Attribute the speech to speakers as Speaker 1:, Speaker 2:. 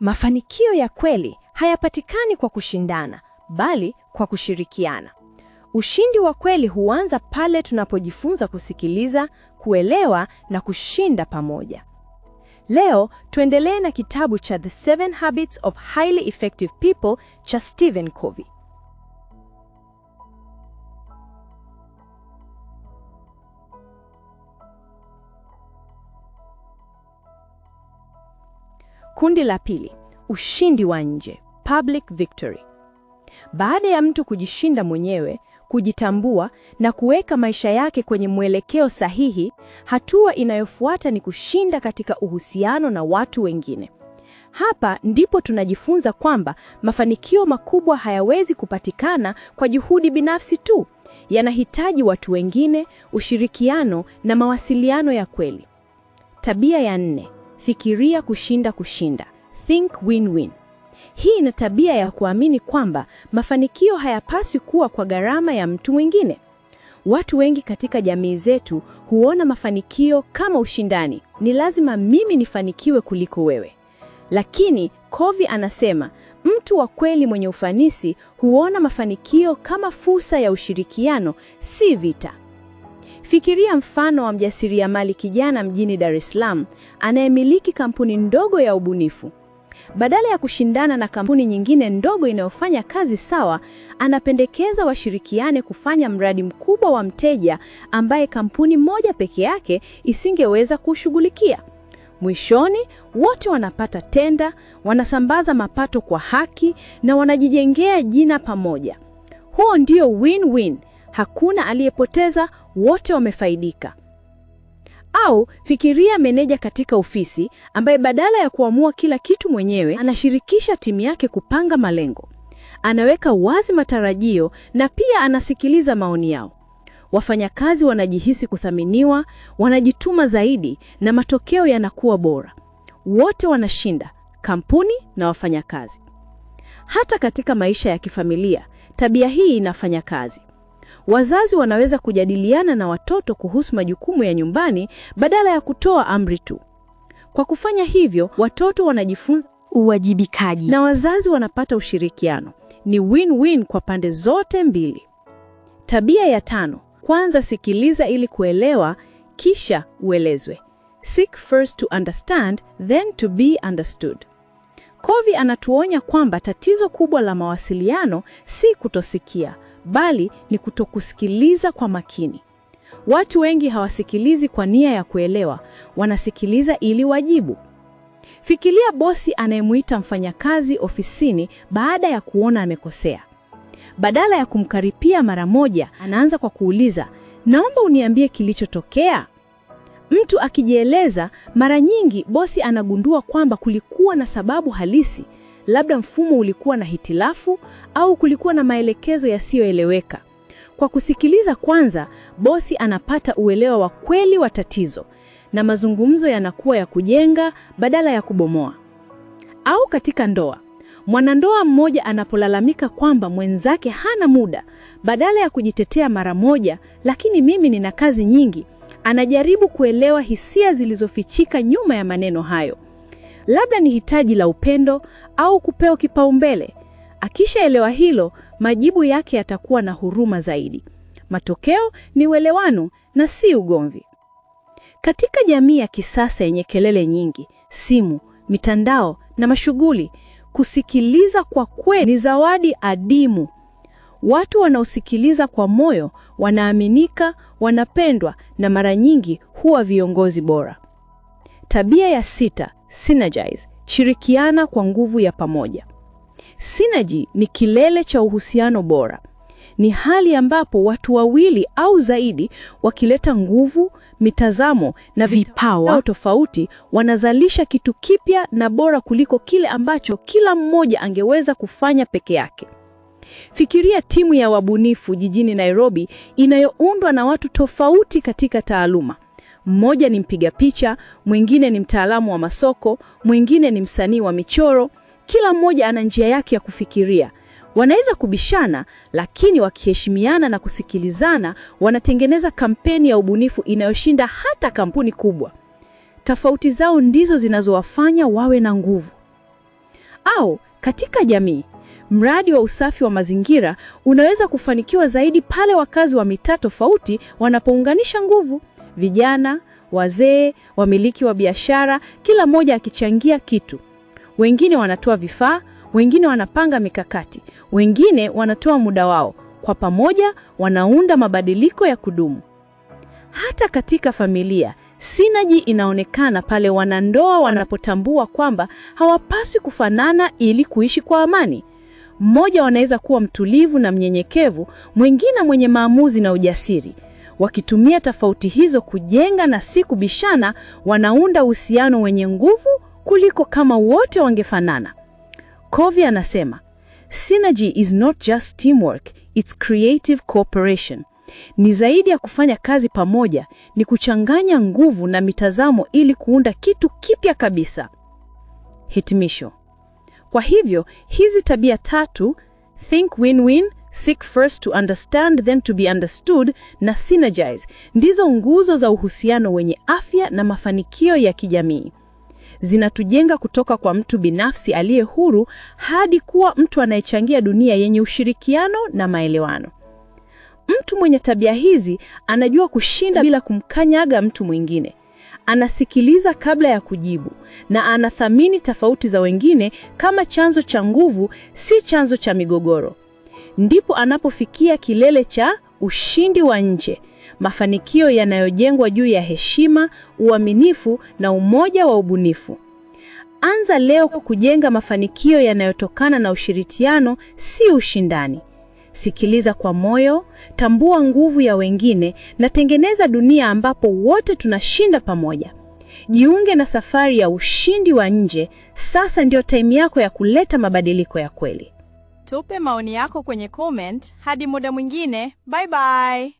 Speaker 1: Mafanikio ya kweli hayapatikani kwa kushindana, bali kwa kushirikiana. Ushindi wa kweli huanza pale tunapojifunza kusikiliza, kuelewa na kushinda pamoja. Leo tuendelee na kitabu cha The Seven Habits of Highly Effective People cha Stephen Covey. Kundi la pili, ushindi wa nje, public victory. Baada ya mtu kujishinda mwenyewe, kujitambua na kuweka maisha yake kwenye mwelekeo sahihi, hatua inayofuata ni kushinda katika uhusiano na watu wengine. Hapa ndipo tunajifunza kwamba mafanikio makubwa hayawezi kupatikana kwa juhudi binafsi tu. Yanahitaji watu wengine, ushirikiano na mawasiliano ya kweli. Tabia ya nne, Fikiria kushinda kushinda, think win-win. Hii ina tabia ya kuamini kwamba mafanikio hayapaswi kuwa kwa gharama ya mtu mwingine. Watu wengi katika jamii zetu huona mafanikio kama ushindani, ni lazima mimi nifanikiwe kuliko wewe. Lakini Covey anasema mtu wa kweli mwenye ufanisi huona mafanikio kama fursa ya ushirikiano, si vita. Fikiria mfano wa mjasiriamali kijana mjini Dar es Salaam anayemiliki kampuni ndogo ya ubunifu. Badala ya kushindana na kampuni nyingine ndogo inayofanya kazi sawa, anapendekeza washirikiane kufanya mradi mkubwa wa mteja ambaye kampuni moja peke yake isingeweza kushughulikia. Mwishoni, wote wanapata tenda, wanasambaza mapato kwa haki na wanajijengea jina pamoja. Huo ndio win-win, hakuna aliyepoteza, wote wamefaidika. Au fikiria meneja katika ofisi ambaye badala ya kuamua kila kitu mwenyewe, anashirikisha timu yake kupanga malengo, anaweka wazi matarajio na pia anasikiliza maoni yao. Wafanyakazi wanajihisi kuthaminiwa, wanajituma zaidi na matokeo yanakuwa bora. Wote wanashinda, kampuni na wafanyakazi. Hata katika maisha ya kifamilia, tabia hii inafanya kazi. Wazazi wanaweza kujadiliana na watoto kuhusu majukumu ya nyumbani badala ya kutoa amri tu. Kwa kufanya hivyo, watoto wanajifunza
Speaker 2: uwajibikaji
Speaker 1: na wazazi wanapata ushirikiano. Ni win-win kwa pande zote mbili. Tabia ya tano: kwanza sikiliza ili kuelewa, kisha uelezwe. Seek first to understand, then to be understood. Covey anatuonya kwamba tatizo kubwa la mawasiliano si kutosikia, bali ni kutokusikiliza kwa makini. Watu wengi hawasikilizi kwa nia ya kuelewa, wanasikiliza ili wajibu. Fikiria bosi anayemwita mfanyakazi ofisini baada ya kuona amekosea. Badala ya kumkaripia mara moja, anaanza kwa kuuliza, naomba uniambie kilichotokea. Mtu akijieleza, mara nyingi bosi anagundua kwamba kulikuwa na sababu halisi, Labda mfumo ulikuwa na hitilafu au kulikuwa na maelekezo yasiyoeleweka. Kwa kusikiliza kwanza, bosi anapata uelewa wa kweli wa tatizo na mazungumzo yanakuwa ya kujenga badala ya kubomoa. Au katika ndoa, mwanandoa mmoja anapolalamika kwamba mwenzake hana muda, badala ya kujitetea mara moja, lakini mimi nina kazi nyingi, anajaribu kuelewa hisia zilizofichika nyuma ya maneno hayo labda ni hitaji la upendo au kupewa kipaumbele. Akishaelewa hilo, majibu yake yatakuwa na huruma zaidi. Matokeo ni uelewano na si ugomvi. Katika jamii ya kisasa yenye kelele nyingi, simu, mitandao na mashughuli, kusikiliza kwa kweli ni zawadi adimu. Watu wanaosikiliza kwa moyo wanaaminika, wanapendwa na mara nyingi huwa viongozi bora. Tabia ya sita: Synergize, shirikiana kwa nguvu ya pamoja. Synergy ni kilele cha uhusiano bora. Ni hali ambapo watu wawili au zaidi wakileta nguvu, mitazamo
Speaker 2: na vipawa
Speaker 1: tofauti wanazalisha kitu kipya na bora kuliko kile ambacho kila mmoja angeweza kufanya peke yake. Fikiria timu ya wabunifu jijini Nairobi inayoundwa na watu tofauti katika taaluma. Mmoja ni mpiga picha, mwingine ni mtaalamu wa masoko, mwingine ni msanii wa michoro. Kila mmoja ana njia yake ya kufikiria. Wanaweza kubishana, lakini wakiheshimiana na kusikilizana, wanatengeneza kampeni ya ubunifu inayoshinda hata kampuni kubwa. Tofauti zao ndizo zinazowafanya wawe na nguvu. Au katika jamii Mradi wa usafi wa mazingira unaweza kufanikiwa zaidi pale wakazi wa mitaa tofauti wanapounganisha nguvu: vijana, wazee, wamiliki wa biashara, kila mmoja akichangia kitu. Wengine wanatoa vifaa, wengine wanapanga mikakati, wengine wanatoa muda wao. Kwa pamoja wanaunda mabadiliko ya kudumu. Hata katika familia sinaji inaonekana pale wanandoa wanapotambua kwamba hawapaswi kufanana ili kuishi kwa amani. Mmoja wanaweza kuwa mtulivu na mnyenyekevu, mwingine mwenye maamuzi na ujasiri. Wakitumia tofauti hizo kujenga na si kubishana, wanaunda uhusiano wenye nguvu kuliko kama wote wangefanana. Covey anasema synergy is not just teamwork, it's creative cooperation. Ni zaidi ya kufanya kazi pamoja, ni kuchanganya nguvu na mitazamo ili kuunda kitu kipya kabisa. Hitimisho. Kwa hivyo hizi tabia tatu think win-win, seek first to understand then to be understood na synergize ndizo nguzo za uhusiano wenye afya na mafanikio ya kijamii. Zinatujenga kutoka kwa mtu binafsi aliye huru hadi kuwa mtu anayechangia dunia yenye ushirikiano na maelewano. Mtu mwenye tabia hizi anajua kushinda bila kumkanyaga mtu mwingine anasikiliza kabla ya kujibu na anathamini tofauti za wengine kama chanzo cha nguvu, si chanzo cha migogoro. Ndipo anapofikia kilele cha ushindi wa nje, mafanikio yanayojengwa juu ya heshima, uaminifu na umoja wa ubunifu. Anza leo kujenga mafanikio yanayotokana na ushirikiano, si ushindani. Sikiliza kwa moyo, tambua nguvu ya wengine na tengeneza dunia ambapo wote tunashinda pamoja. Jiunge na safari ya ushindi wa nje. Sasa ndio time yako ya kuleta mabadiliko ya kweli. Tupe maoni yako kwenye comment. Hadi muda mwingine, bye bye.